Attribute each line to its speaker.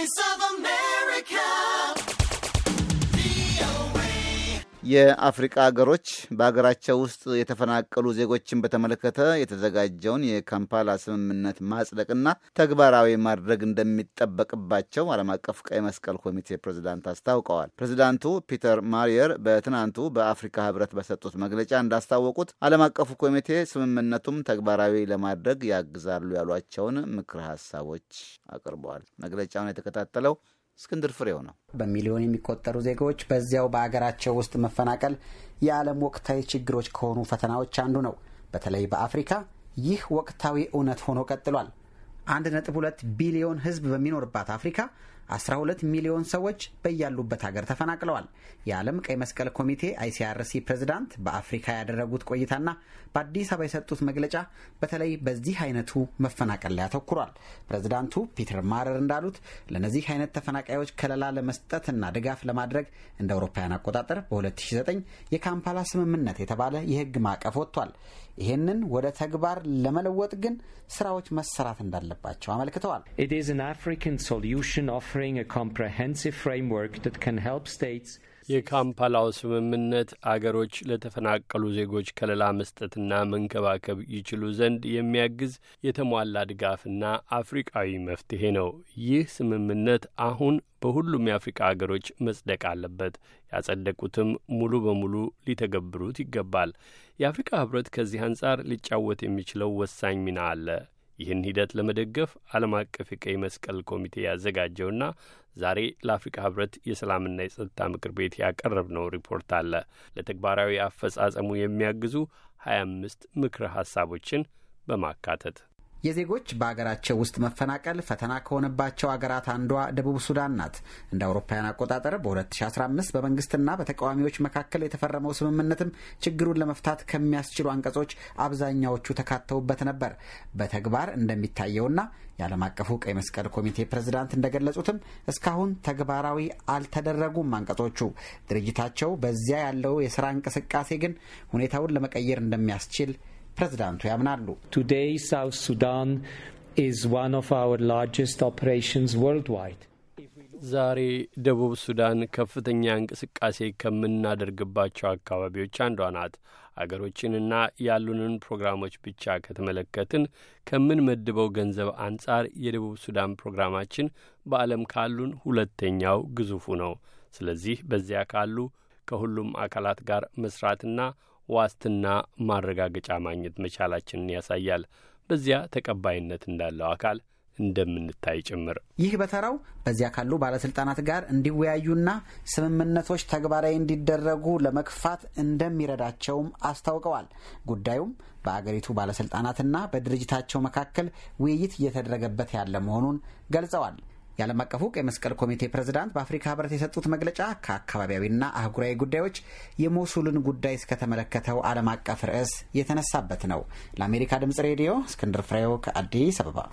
Speaker 1: voice of
Speaker 2: የአፍሪቃ አገሮች በሀገራቸው ውስጥ የተፈናቀሉ ዜጎችን በተመለከተ የተዘጋጀውን የካምፓላ ስምምነት ማጽደቅና ተግባራዊ ማድረግ እንደሚጠበቅባቸው ዓለም አቀፍ ቀይ መስቀል ኮሚቴ ፕሬዚዳንት አስታውቀዋል። ፕሬዚዳንቱ ፒተር ማሪየር በትናንቱ በአፍሪካ ህብረት በሰጡት መግለጫ እንዳስታወቁት ዓለም አቀፉ ኮሚቴ ስምምነቱም ተግባራዊ ለማድረግ ያግዛሉ ያሏቸውን ምክረ ሀሳቦች አቅርበዋል። መግለጫውን የተከታተለው እስክንድር ፍሬው ነው።
Speaker 1: በሚሊዮን የሚቆጠሩ ዜጋዎች በዚያው በአገራቸው ውስጥ መፈናቀል የዓለም ወቅታዊ ችግሮች ከሆኑ ፈተናዎች አንዱ ነው። በተለይ በአፍሪካ ይህ ወቅታዊ እውነት ሆኖ ቀጥሏል። 1.2 ቢሊዮን ሕዝብ በሚኖርባት አፍሪካ 12 ሚሊዮን ሰዎች በያሉበት ሀገር ተፈናቅለዋል። የዓለም ቀይ መስቀል ኮሚቴ አይሲአርሲ ፕሬዝዳንት በአፍሪካ ያደረጉት ቆይታና በአዲስ አበባ የሰጡት መግለጫ በተለይ በዚህ አይነቱ መፈናቀል ላይ አተኩሯል። ፕሬዝዳንቱ ፒተር ማረር እንዳሉት ለእነዚህ አይነት ተፈናቃዮች ከለላ ለመስጠትና ድጋፍ ለማድረግ እንደ አውሮፓውያን አቆጣጠር በ2009 የካምፓላ ስምምነት የተባለ የህግ ማዕቀፍ ወጥቷል። ይህንን ወደ ተግባር ለመለወጥ ግን ስራዎች መሰራት እንዳለባቸው አመልክተዋል። offering a comprehensive framework that can help states
Speaker 3: የካምፓላው ስምምነት አገሮች ለተፈናቀሉ ዜጎች ከለላ መስጠትና መንከባከብ ይችሉ ዘንድ የሚያግዝ የተሟላ ድጋፍና አፍሪቃዊ መፍትሄ ነው። ይህ ስምምነት አሁን በሁሉም የአፍሪቃ አገሮች መጽደቅ አለበት። ያጸደቁትም ሙሉ በሙሉ ሊተገብሩት ይገባል። የአፍሪካ ህብረት ከዚህ አንጻር ሊጫወት የሚችለው ወሳኝ ሚና አለ። ይህን ሂደት ለመደገፍ ዓለም አቀፍ የቀይ መስቀል ኮሚቴ ያዘጋጀውና ዛሬ ለአፍሪካ ህብረት የሰላምና የጸጥታ ምክር ቤት ያቀረብነው ሪፖርት አለ። ለተግባራዊ አፈጻጸሙ የሚያግዙ ሀያ አምስት ምክረ ሀሳቦችን በማካተት
Speaker 1: የዜጎች በሀገራቸው ውስጥ መፈናቀል ፈተና ከሆነባቸው አገራት አንዷ ደቡብ ሱዳን ናት። እንደ አውሮፓውያን አቆጣጠር በ2015 በመንግስትና በተቃዋሚዎች መካከል የተፈረመው ስምምነትም ችግሩን ለመፍታት ከሚያስችሉ አንቀጾች አብዛኛዎቹ ተካተውበት ነበር። በተግባር እንደሚታየውና የዓለም አቀፉ ቀይ መስቀል ኮሚቴ ፕሬዝዳንት እንደገለጹትም እስካሁን ተግባራዊ አልተደረጉም አንቀጾቹ። ድርጅታቸው በዚያ ያለው የስራ እንቅስቃሴ ግን ሁኔታውን ለመቀየር እንደሚያስችል ፕሬዝዳንቱ ያምናሉ። ቱዴይ ሳውት ሱዳን ኢዝ ዋን ኦፍ አወር ላርጀስት ኦፕሬሽንስ ወርልድ
Speaker 3: ዋይድ ዛሬ ደቡብ ሱዳን ከፍተኛ እንቅስቃሴ ከምናደርግባቸው አካባቢዎች አንዷ ናት። አገሮችንና ያሉንን ፕሮግራሞች ብቻ ከተመለከትን ከምን መድበው ገንዘብ አንጻር የደቡብ ሱዳን ፕሮግራማችን በዓለም ካሉን ሁለተኛው ግዙፉ ነው። ስለዚህ በዚያ ካሉ ከሁሉም አካላት ጋር መስራትና ዋስትና ማረጋገጫ ማግኘት መቻላችንን ያሳያል። በዚያ ተቀባይነት እንዳለው አካል እንደምንታይ ጭምር
Speaker 1: ይህ በተራው በዚያ ካሉ ባለስልጣናት ጋር እንዲወያዩና ስምምነቶች ተግባራዊ እንዲደረጉ ለመግፋት እንደሚረዳቸውም አስታውቀዋል። ጉዳዩም በአገሪቱ ባለስልጣናትና በድርጅታቸው መካከል ውይይት እየተደረገበት ያለ መሆኑን ገልጸዋል። የዓለም አቀፉ ቀይ መስቀል ኮሚቴ ፕሬዝዳንት በአፍሪካ ህብረት የሰጡት መግለጫ ከአካባቢያዊና አህጉራዊ ጉዳዮች የሞሱልን ጉዳይ እስከተመለከተው ዓለም አቀፍ ርዕስ የተነሳበት ነው። ለአሜሪካ ድምጽ ሬዲዮ እስክንድር ፍሬው ከአዲስ አበባ